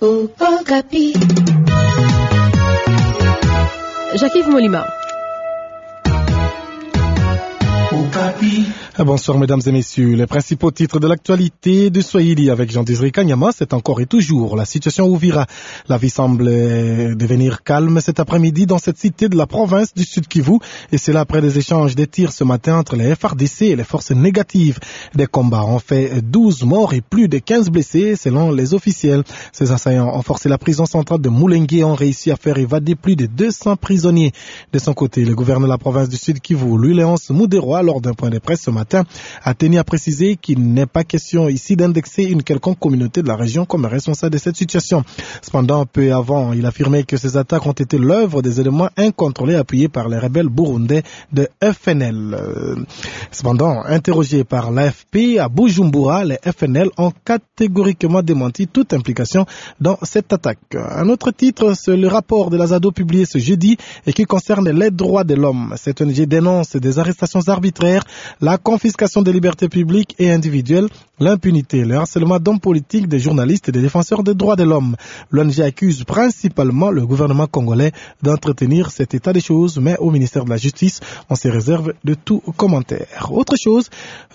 Oh, oh, Jacques Molima. Oh, Ah, bonsoir mesdames et messieurs. Les principaux titres de l'actualité de Swahili avec Jean-Désiré Kanyama, c'est encore et toujours la situation où Vira. La vie semble devenir calme cet après-midi dans cette cité de la province du Sud Kivu et c'est là après des échanges de tirs ce matin entre les FRDC et les forces négatives. Des combats ont fait 12 morts et plus de 15 blessés selon les officiels. Ces assaillants ont forcé la prison centrale de Moulengue et ont réussi à faire évader plus de 200 prisonniers. De son côté, le gouverneur de la province du Sud Kivu, Louis-Léonce lors d'un point de presse ce matin, a tenu à préciser qu'il n'est pas question ici d'indexer une quelconque communauté de la région comme responsable de cette situation. Cependant, peu avant, il affirmait que ces attaques ont été l'œuvre des éléments incontrôlés appuyés par les rebelles burundais de FNL. Cependant, interrogé par l'AFP à Bujumbura, les FNL ont catégoriquement démenti toute implication dans cette attaque. Un autre titre, c'est le rapport de Lazado publié ce jeudi et qui concerne les droits de l'homme. Cette ONG dénonce des arrestations arbitraires, la confiscation des libertés publiques et individuelles, l'impunité, le harcèlement d'hommes politiques, des journalistes et des défenseurs des droits de l'homme. L'ONG accuse principalement le gouvernement congolais d'entretenir cet état des choses, mais au ministère de la Justice, on se réserve de tout commentaire. Autre chose,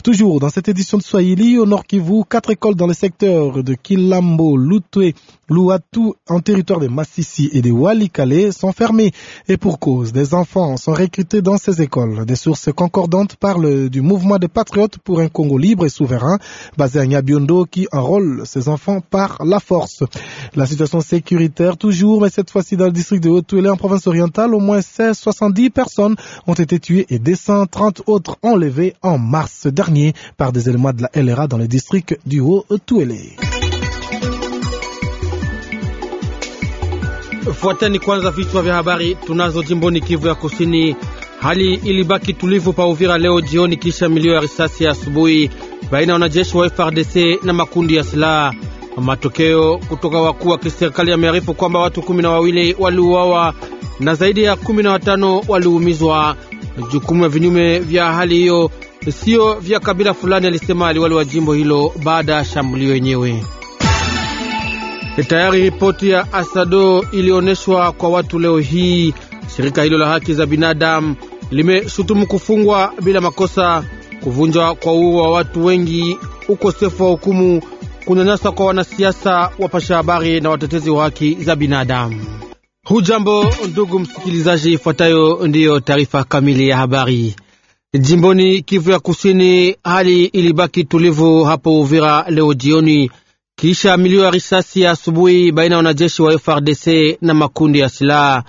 toujours dans cette édition de Swahili, au Nord Kivu, quatre écoles dans le secteur de Kilambo, Lutwe, Louatou en territoire des Massissi et des Walikale sont fermés et pour cause, des enfants sont recrutés dans ces écoles. Des sources concordantes parlent du mouvement des patriotes pour un Congo libre et souverain basé à Nyabiondo qui enrôle ses enfants par la force. La situation sécuritaire toujours, mais cette fois-ci dans le district de haut tuélé en province orientale, au moins 16, 70 personnes ont été tuées et 230 autres enlevées en mars dernier par des éléments de la LRA dans le district du haut Tuélé. Fuateni kwanza vichwa vya habari tunazo. Jimboni Kivu ya Kusini, hali ilibaki tulivu pa Uvira leo jioni kisha milio ya risasi ya asubuhi baina ya wanajeshi wa FRDC na makundi ya silaha. Matokeo kutoka wakuu wa kiserikali yamearifu kwamba watu kumi na wawili waliuawa na zaidi ya kumi na watano waliumizwa. Jukumu ya vinyume vya hali hiyo siyo vya kabila fulani, alisema aliwali wa jimbo hilo baada ya shambulio yenyewe. E, tayari ripoti ya Asado ilionyeshwa kwa watu leo hii. Shirika hilo la haki za binadamu limeshutumu kufungwa bila makosa, kuvunjwa kwa uhuru wa watu wengi, ukosefu wa hukumu, kunyanyasa kwa wanasiasa, wapasha habari na watetezi wa haki za binadamu. Hujambo ndugu msikilizaji, ifuatayo ndiyo taarifa kamili ya habari. Jimboni Kivu ya Kusini, hali ilibaki tulivu hapo Uvira leo jioni kisha milio ya risasi ya asubuhi baina ya wanajeshi wa FRDC na makundi ya silaha,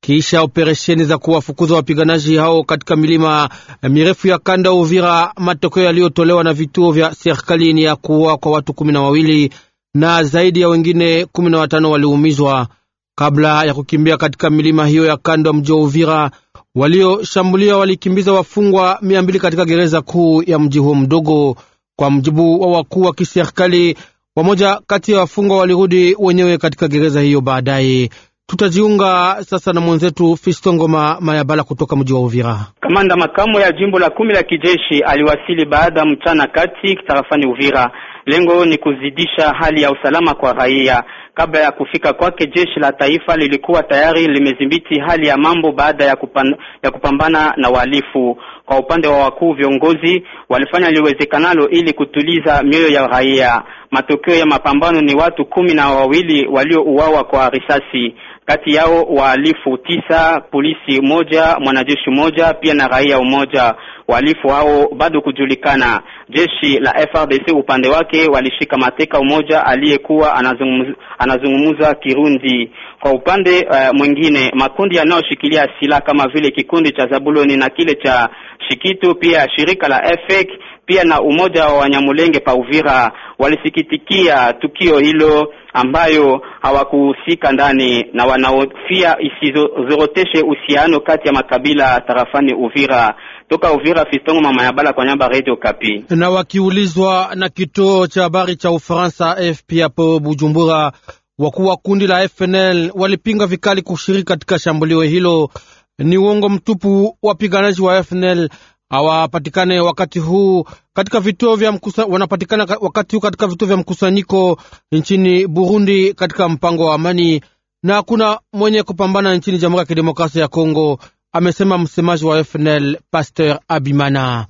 kisha operesheni za kuwafukuza wapiganaji hao katika milima mirefu ya kanda Uvira. Matokeo yaliyotolewa na vituo vya serikali ni ya kuua kwa watu kumi na wawili na zaidi ya wengine kumi na watano waliumizwa kabla ya kukimbia katika milima hiyo ya kando ya mji wa Uvira. Walioshambulia walikimbiza wafungwa mia mbili katika gereza kuu ya mji huo mdogo, kwa mjibu wa wakuu wa kiserikali. Wamoja kati ya wafungwa walirudi wenyewe katika gereza hiyo baadaye. Tutajiunga sasa na mwenzetu fistongoma Mayabala kutoka mji wa Uvira. Kamanda makamu ya jimbo la kumi la kijeshi aliwasili baada ya mchana kati tarafani Uvira. Lengo ni kuzidisha hali ya usalama kwa raia. Kabla ya kufika kwake, jeshi la taifa lilikuwa tayari limedhibiti hali ya mambo baada ya, kupan, ya kupambana na wahalifu. Kwa upande wa wakuu viongozi walifanya liwezekanalo ili kutuliza mioyo ya raia. Matokeo ya mapambano ni watu kumi na wawili waliouawa kwa risasi kati yao wahalifu tisa, polisi moja, mwanajeshi moja, pia na raia mmoja. Wahalifu hao bado kujulikana. Jeshi la FRDC upande wake walishika mateka mmoja aliyekuwa anazungumza, anazungumza Kirundi. Kwa upande uh, mwingine makundi yanayoshikilia silaha kama vile kikundi cha Zabuloni na kile cha Shikitu pia shirika la FEC pia na umoja wa Wanyamulenge pa Uvira walisikitikia tukio hilo ambayo hawakuhusika ndani na wanaofia isizoroteshe uhusiano kati ya makabila tarafani Uvira. Toka Uvira, Fistongo mama ya bala kwa nyamba, Radio Kapi. Na wakiulizwa na kituo cha habari cha Ufaransa AFP hapo Bujumbura, wakuu wa kundi la FNL walipinga vikali kushiriki katika shambulio hilo. Ni uongo mtupu, wapiganaji wa FNL hawapatikane wakati huu katika vituo vya mkusa, wanapatikana wakati huu katika vituo vya mkusanyiko nchini Burundi katika mpango wa amani, na hakuna mwenye kupambana nchini Jamhuri ya Kidemokrasia ya Kongo, amesema msemaji wa FNL Pasteur Abimana.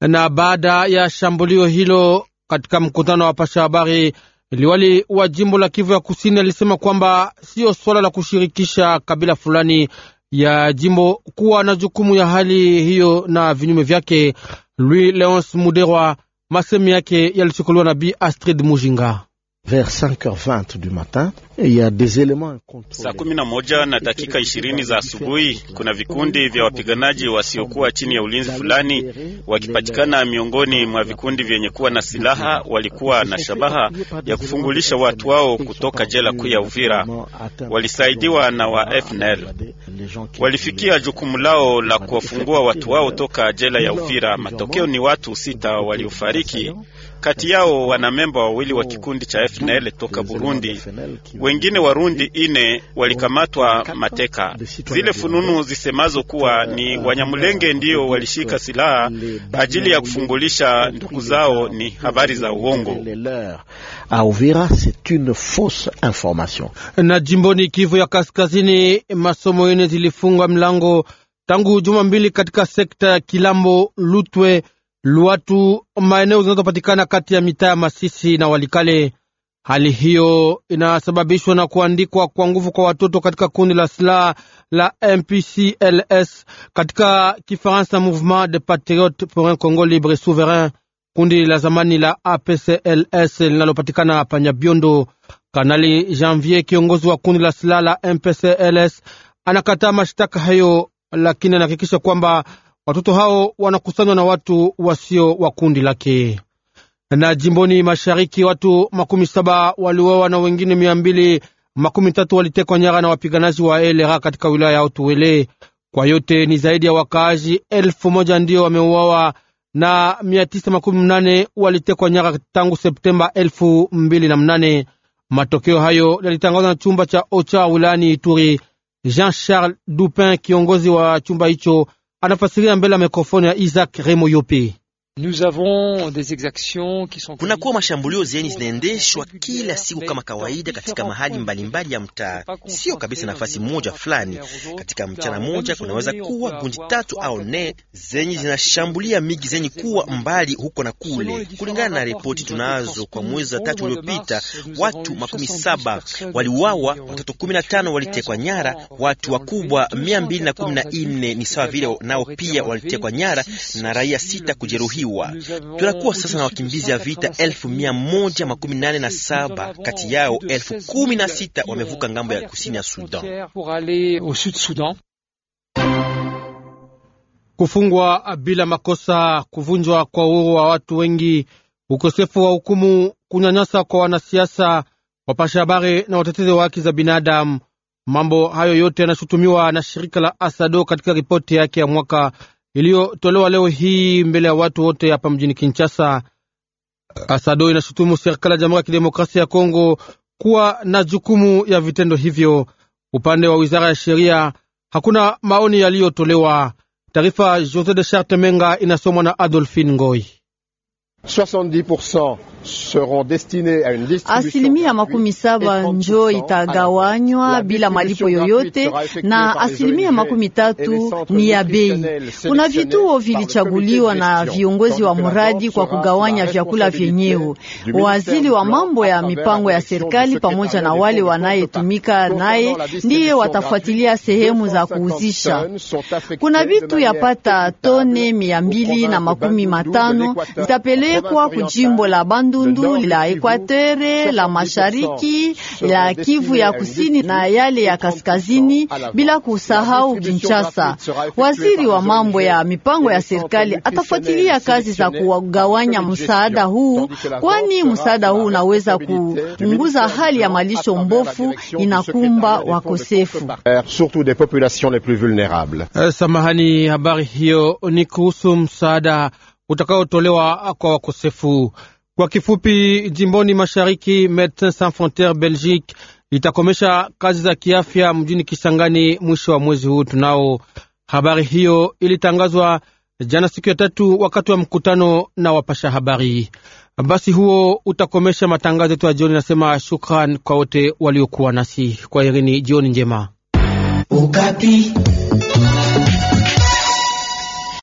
Na baada ya shambulio hilo, katika mkutano wa pasha habari, liwali wa jimbo la Kivu ya Kusini alisema kwamba siyo swala la kushirikisha kabila fulani ya jimbo kuwa na jukumu ya hali hiyo na vinyume vyake. Louis Leonce Muderwa, masemi yake yalichukuliwa na Bi Astrid Mujinga. Vers 5h20 du matin, des elements saa kumi na moja na dakika ishirini za asubuhi, kuna vikundi vya wapiganaji wasiokuwa chini ya ulinzi fulani wakipatikana miongoni mwa vikundi vyenye kuwa na silaha. Walikuwa na shabaha ya kufungulisha watu wao kutoka jela kuu ya Uvira. Walisaidiwa na wa FNL, walifikia jukumu lao la kuwafungua watu wao toka jela ya Uvira. Matokeo ni watu sita waliofariki kati yao wana memba wawili wa kikundi cha FNL toka Burundi, wengine Warundi ine walikamatwa mateka. Zile fununu zisemazo kuwa ni Wanyamulenge ndio walishika silaha ajili ya kufungulisha ndugu zao ni habari za uongo. Na jimboni Kivu ya Kaskazini, masomo ine zilifungwa mlango tangu juma mbili katika sekta ya Kilambo, Lutwe Luatu, maeneo zinazopatikana kati ya mitaa ya Masisi na Walikale. Hali hiyo inasababishwa na kuandikwa kwa nguvu kwa watoto katika kundi la silaha la MPCLS katika Kifaransa, Mouvement de Patriotes pour un Congo Libre Souverain, kundi la zamani la APCLS linalopatikana Panyabiondo. Kanali Janvier, kiongozi wa kundi la silaha la MPCLS, anakataa mashtaka hayo, lakini anahakikisha kwamba watoto hao wanakusanywa na watu wasio wa kundi lake. Na jimboni mashariki watu makumi saba waliuawa na wengine mia mbili makumi tatu walitekwa nyara na wapiganaji wa LRA katika wilaya ya Otuwele. Kwa yote ni zaidi ya wakaaji elfu moja ndiyo wameuawa na mia tisa makumi mnane walitekwa nyara tangu Septemba elfu mbili na mnane. Matokeo hayo yalitangazwa na chumba cha OCHA wilayani Ituri. Jean Charles Dupin, kiongozi wa chumba hicho, anafasiria mbele ya mikrofoni ya Isaac Remo Yope. Kunakuwa mashambulio zenye zinaendeshwa kila siku kama kawaida katika mahali mbalimbali ya mtaa, sio kabisa nafasi moja fulani. Katika mchana moja kunaweza kuwa gundi tatu au nne zenye zinashambulia miji zenye kuwa mbali huko na kule. Kulingana na ripoti tunazo, kwa mwezi wa tatu uliopita watu makumi saba waliuawa, watoto kumi na tano walitekwa nyara, watu wakubwa mia mbili na kumi na nne ni sawa vile nao pia walitekwa nyara na raia sita kujeruhiwa kujeruhiwa. Tunakuwa sasa na wakimbizi ya vita elfu mia moja makumi nane na saba kati yao elfu kumi na sita wamevuka ngambo ya kusini ya Sudan. Kufungwa bila makosa, kuvunjwa kwa uhuru wa watu wengi, ukosefu wa hukumu, kunyanyasa kwa wanasiasa, wapasha habari na watetezi wa haki za binadamu, mambo hayo yote yanashutumiwa na shirika la Asado katika ripoti yake ya mwaka iliyotolewa leo hii mbele ya watu wote hapa mjini Kinshasa. Asado inashutumu serikali ya Jamhuri ya Kidemokrasia ya Kongo kuwa na jukumu ya vitendo hivyo. Upande wa wizara ya sheria hakuna maoni yaliyotolewa. Taarifa Jose de Chartemenga inasomwa na Adolphine Ngoi asilimia makumi saba njo itagawanywa bila malipo yoyote na asilimia makumi tatu ni ya bei. Kuna vituo vilichaguliwa na viongozi wa mradi kwa kugawanya vyakula vyenyewe. Waziri wa mambo ya mipango ya serikali pamoja na wale wanayetumika naye ndiye watafuatilia sehemu za kuuzisha. Kuna vitu yapata tone mia mbili na makumi matano zitapelekwa kujimbo la Bandu Bandundu, la Equatere, la Mashariki, la Kivu ya Kusini na yale ya Kaskazini, bila kusahau Kinshasa. Waziri wa mambo ya mipango ya serikali atafuatilia kazi za kugawanya msaada huu, kwani msaada huu unaweza kupunguza hali ya malisho mbofu inakumba wakosefu. Samahani, habari hiyo ni kuhusu msaada utakaotolewa kwa wakosefu. Kwa kifupi, jimboni mashariki, Medecins Sans Frontieres Belgique itakomesha kazi za kiafya mjini Kisangani mwisho wa mwezi huu tunao. Habari hiyo ilitangazwa jana siku ya tatu wakati wa mkutano na wapasha habari. Basi huo utakomesha matangazo yetu ya jioni. Nasema shukran kwa wote waliokuwa nasi kwa herini, Jioni njema Ukati.